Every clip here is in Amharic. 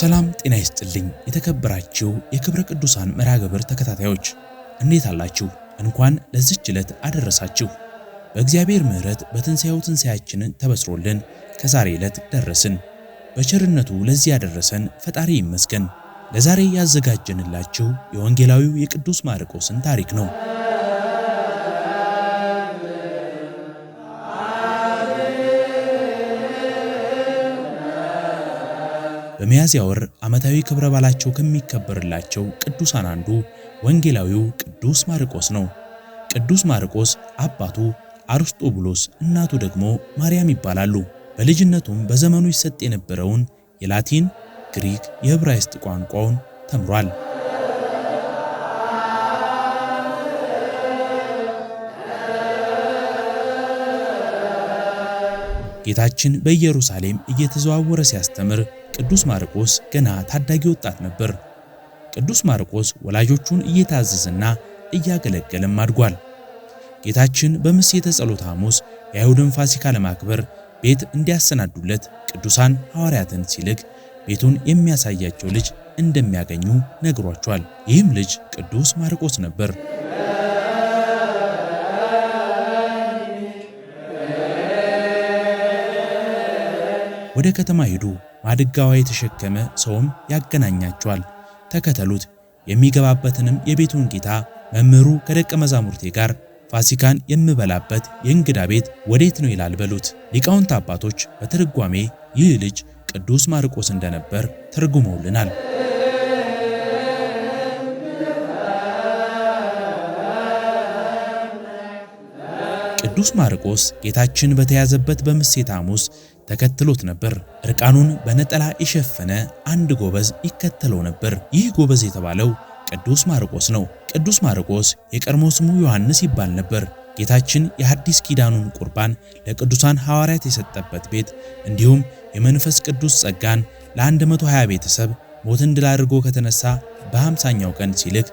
ሰላም ጤና ይስጥልኝ። የተከበራችሁ የክብረ ቅዱሳን መርሃ ግብር ተከታታዮች እንዴት አላችሁ? እንኳን ለዚች ዕለት አደረሳችሁ። በእግዚአብሔር ምሕረት በትንሣኤው ትንሣኤያችንን ተበስሮልን ከዛሬ ዕለት ደረስን። በቸርነቱ ለዚህ ያደረሰን ፈጣሪ ይመስገን። ለዛሬ ያዘጋጀንላችሁ የወንጌላዊው የቅዱስ ማርቆስን ታሪክ ነው። በሚያዝያ ወር ዓመታዊ ክብረ በዓላቸው ከሚከበርላቸው ቅዱሳን አንዱ ወንጌላዊው ቅዱስ ማርቆስ ነው። ቅዱስ ማርቆስ አባቱ አርስጦብሎስ እናቱ ደግሞ ማርያም ይባላሉ። በልጅነቱም በዘመኑ ይሰጥ የነበረውን የላቲን፣ ግሪክ፣ የዕብራይስጥ ቋንቋውን ተምሯል። ጌታችን በኢየሩሳሌም እየተዘዋወረ ሲያስተምር ቅዱስ ማርቆስ ገና ታዳጊ ወጣት ነበር። ቅዱስ ማርቆስ ወላጆቹን እየታዘዘና እያገለገለም አድጓል። ጌታችን በምሴተ ጸሎተ ሐሙስ የአይሁድን ፋሲካ ለማክበር ቤት እንዲያሰናዱለት ቅዱሳን ሐዋርያትን ሲልክ ቤቱን የሚያሳያቸው ልጅ እንደሚያገኙ ነግሯቸዋል። ይህም ልጅ ቅዱስ ማርቆስ ነበር። ወደ ከተማ ሄዱ። ማድጋዋ የተሸከመ ሰውም ያገናኛቸዋል። ተከተሉት። የሚገባበትንም የቤቱን ጌታ መምህሩ ከደቀ መዛሙርቴ ጋር ፋሲካን የምበላበት የእንግዳ ቤት ወዴት ነው ይላል በሉት። ሊቃውንት አባቶች በትርጓሜ ይህ ልጅ ቅዱስ ማርቆስ እንደነበር ተርጉመውልናል። ቅዱስ ማርቆስ ጌታችን በተያዘበት በምሴት ሐሙስ ተከትሎት ነበር። እርቃኑን በነጠላ የሸፈነ አንድ ጎበዝ ይከተለው ነበር። ይህ ጎበዝ የተባለው ቅዱስ ማርቆስ ነው። ቅዱስ ማርቆስ የቀድሞ ስሙ ዮሐንስ ይባል ነበር። ጌታችን የሐዲስ ኪዳኑን ቁርባን ለቅዱሳን ሐዋርያት የሰጠበት ቤት እንዲሁም የመንፈስ ቅዱስ ጸጋን ለ120 ቤተሰብ ሞትን ድል አድርጎ ከተነሳ በ50ኛው ቀን ሲልክ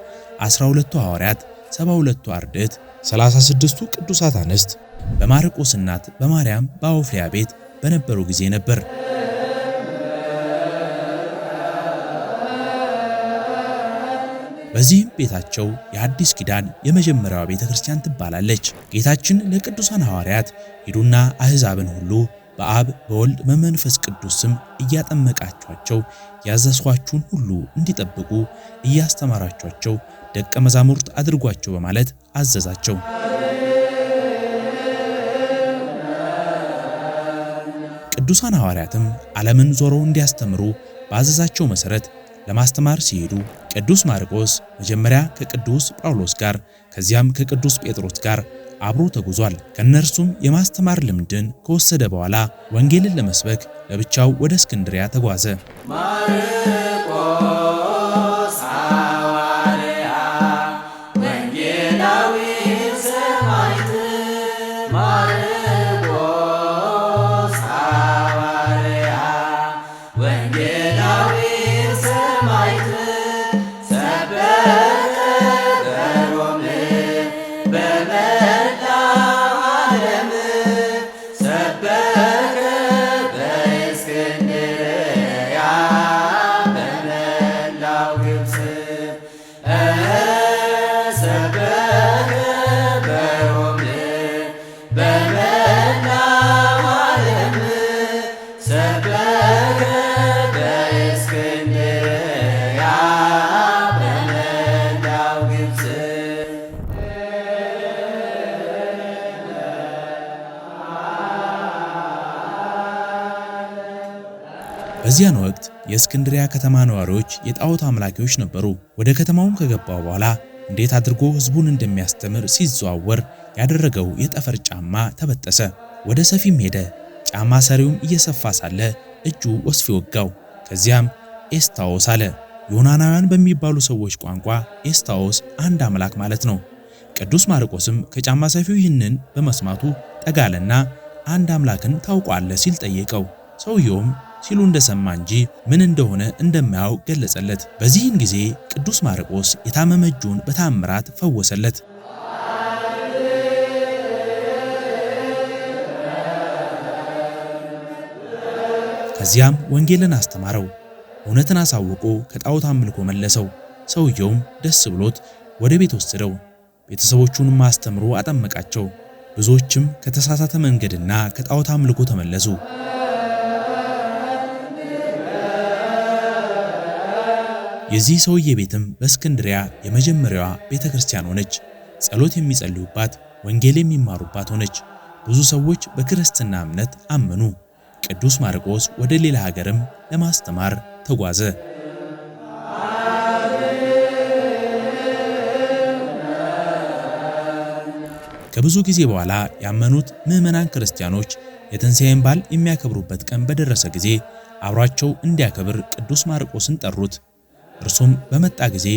12ቱ ሐዋርያት 72ቱ አርድእት 36ቱ ቅዱሳት አንስት በማርቆስ እናት በማርያም በአውፍያ ቤት በነበሩ ጊዜ ነበር። በዚህም ቤታቸው የአዲስ ኪዳን የመጀመሪያዋ ቤተ ክርስቲያን ትባላለች። ጌታችን ለቅዱሳን ሐዋርያት ሂዱና አሕዛብን ሁሉ በአብ በወልድ በመንፈስ ቅዱስ ስም እያጠመቃችኋቸው ያዘዝኋችሁን ሁሉ እንዲጠብቁ እያስተማራችኋቸው ደቀ መዛሙርት አድርጓቸው በማለት አዘዛቸው። ቅዱሳን ሐዋርያትም ዓለምን ዞረው እንዲያስተምሩ በአዘዛቸው መሠረት ለማስተማር ሲሄዱ ቅዱስ ማርቆስ መጀመሪያ ከቅዱስ ጳውሎስ ጋር ከዚያም ከቅዱስ ጴጥሮስ ጋር አብሮ ተጉዟል። ከእነርሱም የማስተማር ልምድን ከወሰደ በኋላ ወንጌልን ለመስበክ ለብቻው ወደ እስክንድሪያ ተጓዘ። ገላዊ ሰማይ በዚያን ወቅት የእስክንድሪያ ከተማ ነዋሪዎች የጣዖት አምላኪዎች ነበሩ። ወደ ከተማውም ከገባ በኋላ እንዴት አድርጎ ህዝቡን እንደሚያስተምር ሲዘዋወር ያደረገው የጠፈር ጫማ ተበጠሰ። ወደ ሰፊም ሄደ። ጫማ ሰሪውም እየሰፋ ሳለ እጁ ወስፊ ወጋው። ከዚያም ኤስታዎስ አለ። ዮናናውያን በሚባሉ ሰዎች ቋንቋ ኤስታዎስ አንድ አምላክ ማለት ነው። ቅዱስ ማርቆስም ከጫማ ሰፊው ይህንን በመስማቱ ጠጋለና አንድ አምላክን ታውቋለ ሲል ጠየቀው። ሰውየውም ሲሉ እንደሰማ እንጂ ምን እንደሆነ እንደማያውቅ ገለጸለት። በዚህን ጊዜ ቅዱስ ማርቆስ የታመመ እጁን በታምራት ፈወሰለት። ከዚያም ወንጌልን አስተማረው፣ እውነትን አሳውቆ ከጣዖት አምልኮ መለሰው። ሰውየውም ደስ ብሎት ወደ ቤት ወሰደው፣ ቤተሰቦቹንም አስተምሮ አጠመቃቸው። ብዙዎችም ከተሳሳተ መንገድና ከጣዖት አምልኮ ተመለሱ። የዚህ ሰውዬ ቤትም በእስክንድሪያ የመጀመሪያዋ ቤተ ክርስቲያን ሆነች። ጸሎት የሚጸልዩባት፣ ወንጌል የሚማሩባት ሆነች። ብዙ ሰዎች በክርስትና እምነት አመኑ። ቅዱስ ማርቆስ ወደ ሌላ ሀገርም ለማስተማር ተጓዘ። ከብዙ ጊዜ በኋላ ያመኑት ምዕመናን ክርስቲያኖች የትንሣኤን በዓል የሚያከብሩበት ቀን በደረሰ ጊዜ አብሯቸው እንዲያከብር ቅዱስ ማርቆስን ጠሩት። እርሱም በመጣ ጊዜ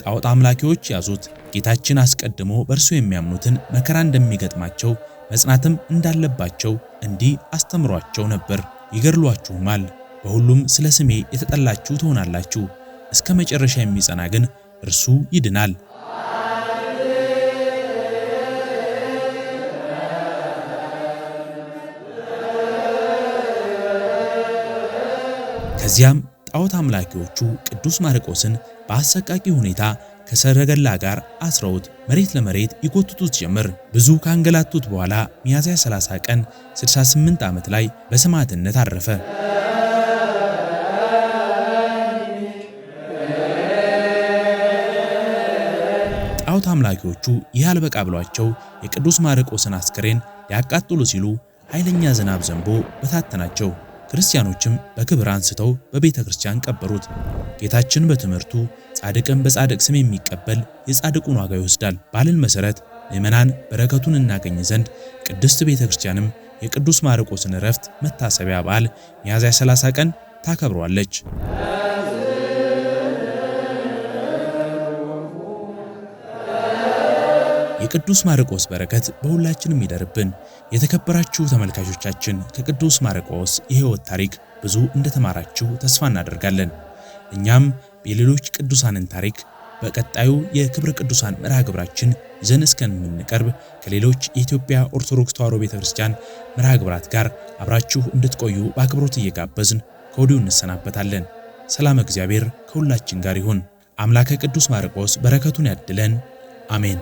ጣዖት አምላኪዎች ያዙት። ጌታችን አስቀድሞ በእርሱ የሚያምኑትን መከራ እንደሚገጥማቸው መጽናትም እንዳለባቸው እንዲህ አስተምሯቸው ነበር። ይገድሏችሁማል፣ በሁሉም ስለ ስሜ የተጠላችሁ ትሆናላችሁ፣ እስከ መጨረሻ የሚጸና ግን እርሱ ይድናል። ከዚያም ጣዖት አምላኪዎቹ ቅዱስ ማርቆስን በአሰቃቂ ሁኔታ ከሰረገላ ጋር አስረውት መሬት ለመሬት ይጎትቱት ጀምር። ብዙ ካንገላቱት በኋላ ሚያዝያ 30 ቀን 68 ዓመት ላይ በሰማዕትነት አረፈ። ጣዖት አምላኪዎቹ ይህ አልበቃ ብሏቸው የቅዱስ ማርቆስን አስክሬን ሊያቃጥሉ ሲሉ ኃይለኛ ዝናብ ዘንቦ በታተናቸው። ክርስቲያኖችም በክብር አንስተው በቤተ ክርስቲያን ቀበሩት። ጌታችን በትምህርቱ ጻድቅን በጻድቅ ስም የሚቀበል የጻድቁን ዋጋ ይወስዳል ባልን መሰረት ምዕመናን በረከቱን እናገኝ ዘንድ ቅድስት ቤተ ክርስቲያንም የቅዱስ ማርቆስን ዕረፍት መታሰቢያ በዓል ሚያዝያ 30 ቀን ታከብሯለች። የቅዱስ ማርቆስ በረከት በሁላችንም ይደርብን። የተከበራችሁ ተመልካቾቻችን ከቅዱስ ማርቆስ የሕይወት ታሪክ ብዙ እንደተማራችሁ ተስፋ እናደርጋለን። እኛም የሌሎች ቅዱሳንን ታሪክ በቀጣዩ የክብረ ቅዱሳን መርሃ ግብራችን ይዘን እስከምንቀርብ ከሌሎች የኢትዮጵያ ኦርቶዶክስ ተዋሕዶ ቤተክርስቲያን መርሃ ግብራት ጋር አብራችሁ እንድትቆዩ በአክብሮት እየጋበዝን ከወዲሁ እንሰናበታለን። ሰላም እግዚአብሔር ከሁላችን ጋር ይሁን። አምላከ ቅዱስ ማርቆስ በረከቱን ያድለን። አሜን።